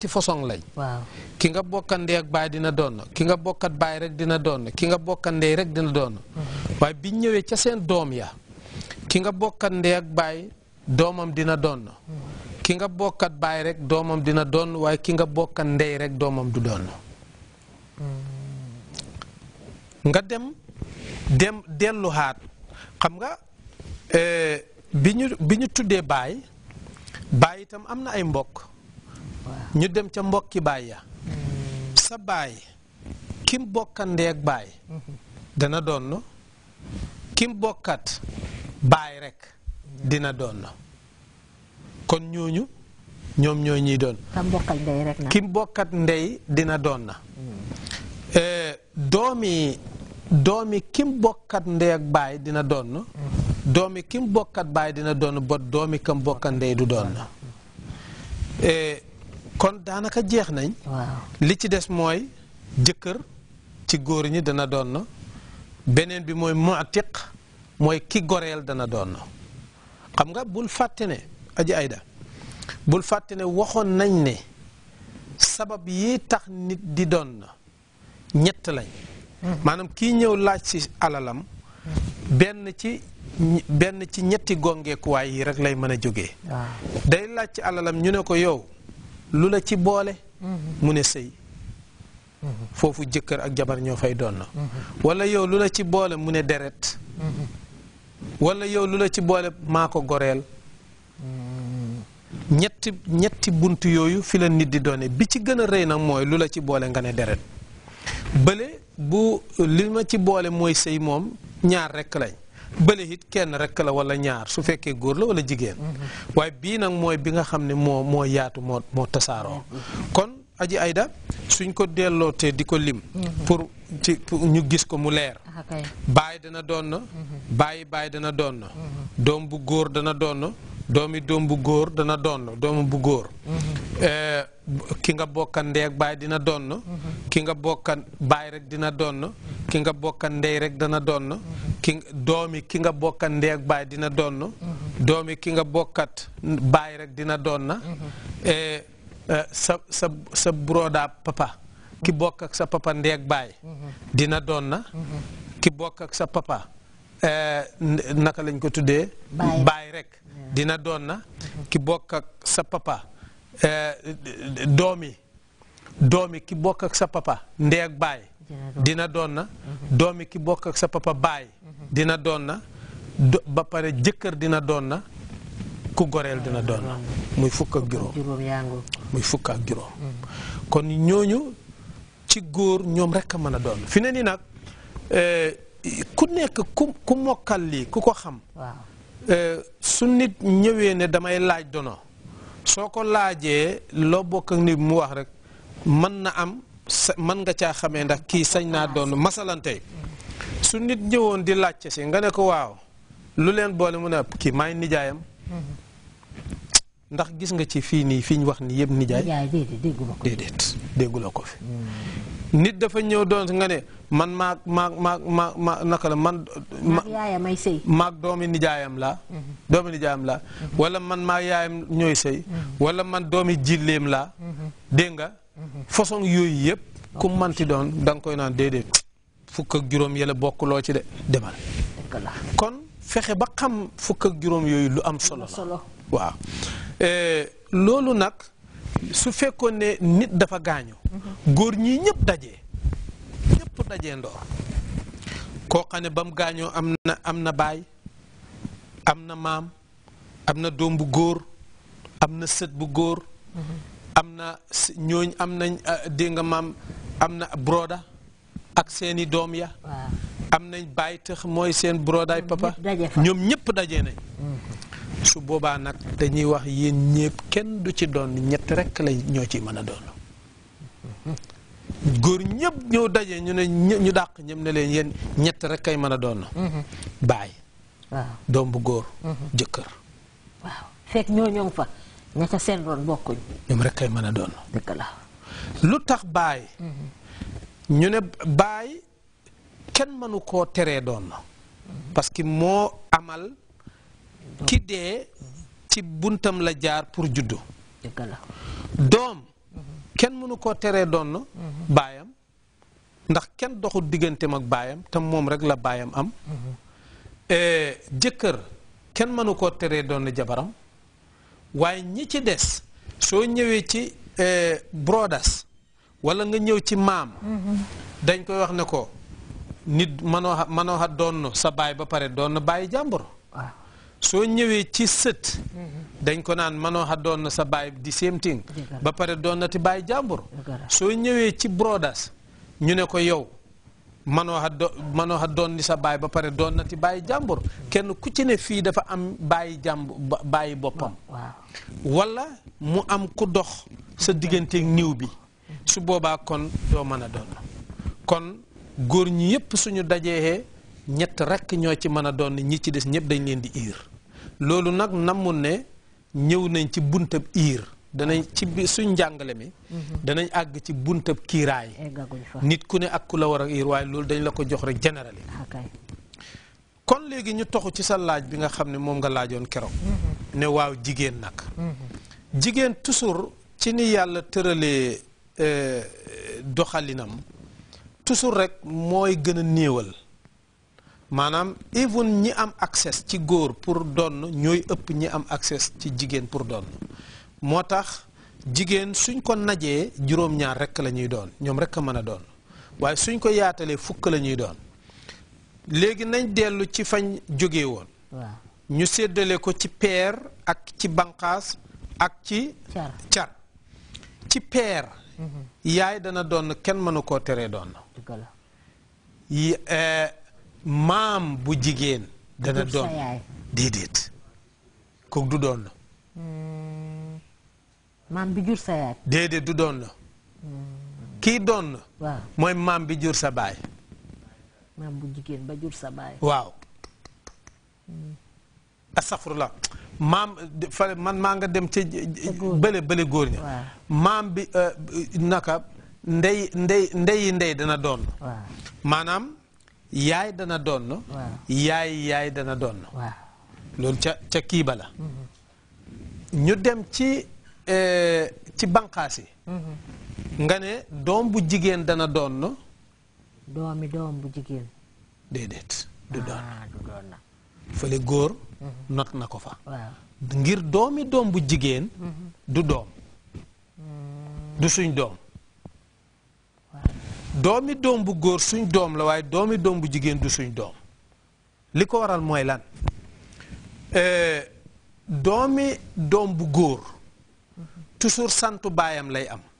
ci façon lañ ki nga bokkandee ak baay dina doon ki nga bokkat baay rek dina doon ki nga bokkandee rek dina doon mhm. waaye biñ ñëwee ca seen doom ya ki nga bokkandee ak baay doomam dina doon mhm. ki nga bokkat baay rek doomam dina doon waaye ki nga bokkandee rek doomam du doon mhm. nga dem dem delluwaat xam nga eh, bi ñu tuddee baay baay itam am na ay mbokk ñu dem ca mbokki baay ya sa baay kim bokkandeeg baay dana doon kim bokkat baay rek dina doon kon ñooñu ñoom ñoo ñuy doon kim bokkat ndey dina doon na eh, doomi doomi kim bokkat ndey ak baay dina doon doomi kim bokkat baay dina doon bot doomi kam bokkat ndey du doon kon daanaka jeex nañ. li ci des mooy jëkkër ci góor ñi dana doon na beneen bi mooy mu'tiq mooy ki goreel dana doon na xam nga bul fàtte ne aji ayda bul fàtte ne waxoon nañ ne sabab yi tax nit di doon na ñett lañ. Hmm. maanaam kii ñëw laaj ci alalam benn ci benn ci ñetti gongeekuwaay yi rek lay mën a jógee. day laaj ci alalam ñu ne ko yow. lu la ci boole mm-hmm. mu ne sëy mm-hmm. foofu jëkkër ak jabar ñoo fay doon na mm-hmm. wala yow lu la ci boole mu ne deret wala yow lu la ci boole maa ko goreel ñetti ñetti bunt yooyu fi la nit di doone bi ci gën a rëy nag mooy lu la ci boole nga ne deret bële bu li ma ci boole mooy sëy moom ñaar rekk lañ bële it kenn rek la wala ñaar su fekkee góor la wala jigéen mm-hmm. waaye bii nag mooy bi nga xam ne moo moo yaatu moo moo tasaaroo mm-hmm. kon aji ayda suñ ko delloo te di ko lim mm-hmm. pour ci ñu gis ko mu leer ah, baay dana doon na baay dana doon doom bu góor dana doon doomi doom bu góor dana doon na bu góor eh, ki nga bokka ndeeg baay dina doon ki nga bokka baay rek dina doon ki nga bokka rek dana doon ki doomi ki nga bokkat ndeeg baay dina donn doomi ki nga bokkat baay rek dina doon na mm-hmm. eh, eh, sa sa sa broda papa ki bokk ak sa papa ndeeg baay mm-hmm. dina doon na mm-hmm. ki bokk ak sa papa eh, naka lañ ko tuddee baay rek dina doon na ki bokk sa papa doomi doomi ki bokk ak sa papa ndey ak baay dina doon na mhm. doomi ki bokk ak sa papa baay mhm. dina doon na ba pare jëkkër dina doon na ku goreel dina doon na muy fukk ak juróom muy fukk mhm. kon ñooñu ci góor ñoom rek a mën a doon fi ne nii nag eh, ku nekk ku ku mokkal lii ku ko xam eh, su nit ñëwee ne damay laaj dono soo ko laajee loo bokk ak nit mu wax rek man na am man nga caa xamee ndax kii sañ naa doon masalan tey su nit ñëwoon di laajte si nga ne ko waaw lu leen boole mu ne kii maay nijaayam ndax gis nga ci fii nii fii ñu wax nii yëpp nijaay déedéet déggu la ko fi nit dafa ñëw doon nga ne man maag maag maag maag ma naka la man maag doomi nijaayam la doomi nijaayam la mhm. wala man maag yaayam ñooy sëy mhm. wala man doomi jilleem la mhm. dégg façon yooyu yëpp ku manti doon da nga koy naan déedéet fukk juróom yële bokk loo ci de demal kon fexe ba xam fukk juróom yooyu lu am solo la waaw eh, loolu nag su fekkoon ne nit dafa gaañu góor ñi ñëpp dajee ñëpp dajee ndoor koo xam ne ba mu gaañoo am na am na baay am na maam am na doom bu góor am na sët bu góor am na ñooñ am nañ ah, dégg nga maam am na broda ak seeni doom ya am nañ bàyyi tëx mooy seen brodaay papa ñoom ñëpp daje nañ mm. su boobaa nag dañuy wax yéen ñépp kenn du ci doon ñett rekk la ñoo ciy mën a doon góor ñépp ñëw daje ñu dàq ñëm ne leen yéen ñett rekk kay mën a doon mm-hmm. baay doom bu góor mm-hmm. jëkkër ña ca seen roon bokkuñ. ñoom rek kay mën a doon. lu tax baay. Mhm. ñu ne baay kenn mënu koo teree doon na. Mhm. parce que moo amal. ki dee ci buntam la jaar pour juddu. dëgg doom. Mhm. kenn mënu koo teree doon na. baayam ndax kenn doxul digganteem ak baayam te moom rek la baayam am. Eh, jëkkër kenn mënu koo teree doon na jabaram. waaye ñi ci des soo ñëwee ci eh, brodas wala nga ñëw ci maam dañ koy wax ne ko nit manoo manoo xa doon sa baay ba pare doon na bàyyi jàmbur ah. soo ñëwee ci sët mm-hmm. dañ ko naan manoo xa doon na sa baay di séemting ba pare doon na ti bàyyi jàmbur soo ñëwee ci brodas ñu ne ko yow manoo xa do manoo xa doon ni sa baay ba pare doon na ti bàyyi jàmbur kenn ku ci ne fii dafa am bàyyi jàmbur bàyyi boppam wala mu am ku dox sa digganteeg niw bi su boobaa kon doo mën a doon kon góor ñi yépp suñu dajee ñett rekk ñoo ci mën a doon ñi ci des ñëpp dañ leen di iir loolu nag namun ne ñëw nañ ci buntab iir danañ ci bi suñ njàngale mi mhm. danañ àgg ci bunt buntab kiiraay nit ku ne ak ku la war a yiir waaye loolu dañ la ko jox rek général ah, kon léegi ñu toxu ci sa laaj bi nga xam ne moom nga laajoon keroog mhm. ne waaw jigéen nag mhm. jigéen toujours ci ni yàlla tëralee eh, doxalinam toujours rek mooy gën a néewal maanaam even ñi am accès ci góor pour donn ñooy ëpp ñi am accès ci jigéen pour donn moo tax jigéen suñ ko najee juróom-ñaar rekk lañuy doon ñoom rekk a mën a doon waaye suñ ko yaatalee fukk lañuy doon léegi nañ dellu ci fañ jóge woon ñu seddale ko ci peer ak ci banqaas ak ci car ci peer mhm. yaay dana doon kenn mënu koo teree doon eh, maam bu jigéen dana doon déedéet kook du doon hmm. maam bi jur sa yaay. déedéet du doon na. kii doon mooy maam bi jur sa baay. maam bu jigéen ba sa baay. waaw. astafurlah maam fale man maa nga dem ca. bële bële góor ña. maam bi euh, naka ndey ndey ndeyi ndey dana doon. maanaam yaay dana doon. yaay yaay dana doon. loolu ca ca kii ba mm-hmm. ñu dem ci. Eh, ci banqaas yi nga ne doom bu jigéen dana doon na doomi ah, na fële góor mhm. not na ko fa ngir doomi doom bu jigéen mhm. du doom mm. du suñ doom doomi doom bu góor suñ doom la waaye doomi doom bu jigéen du suñ doom li ko waral mooy lan eh, doomi doom bu góor toujours santu baayam lay am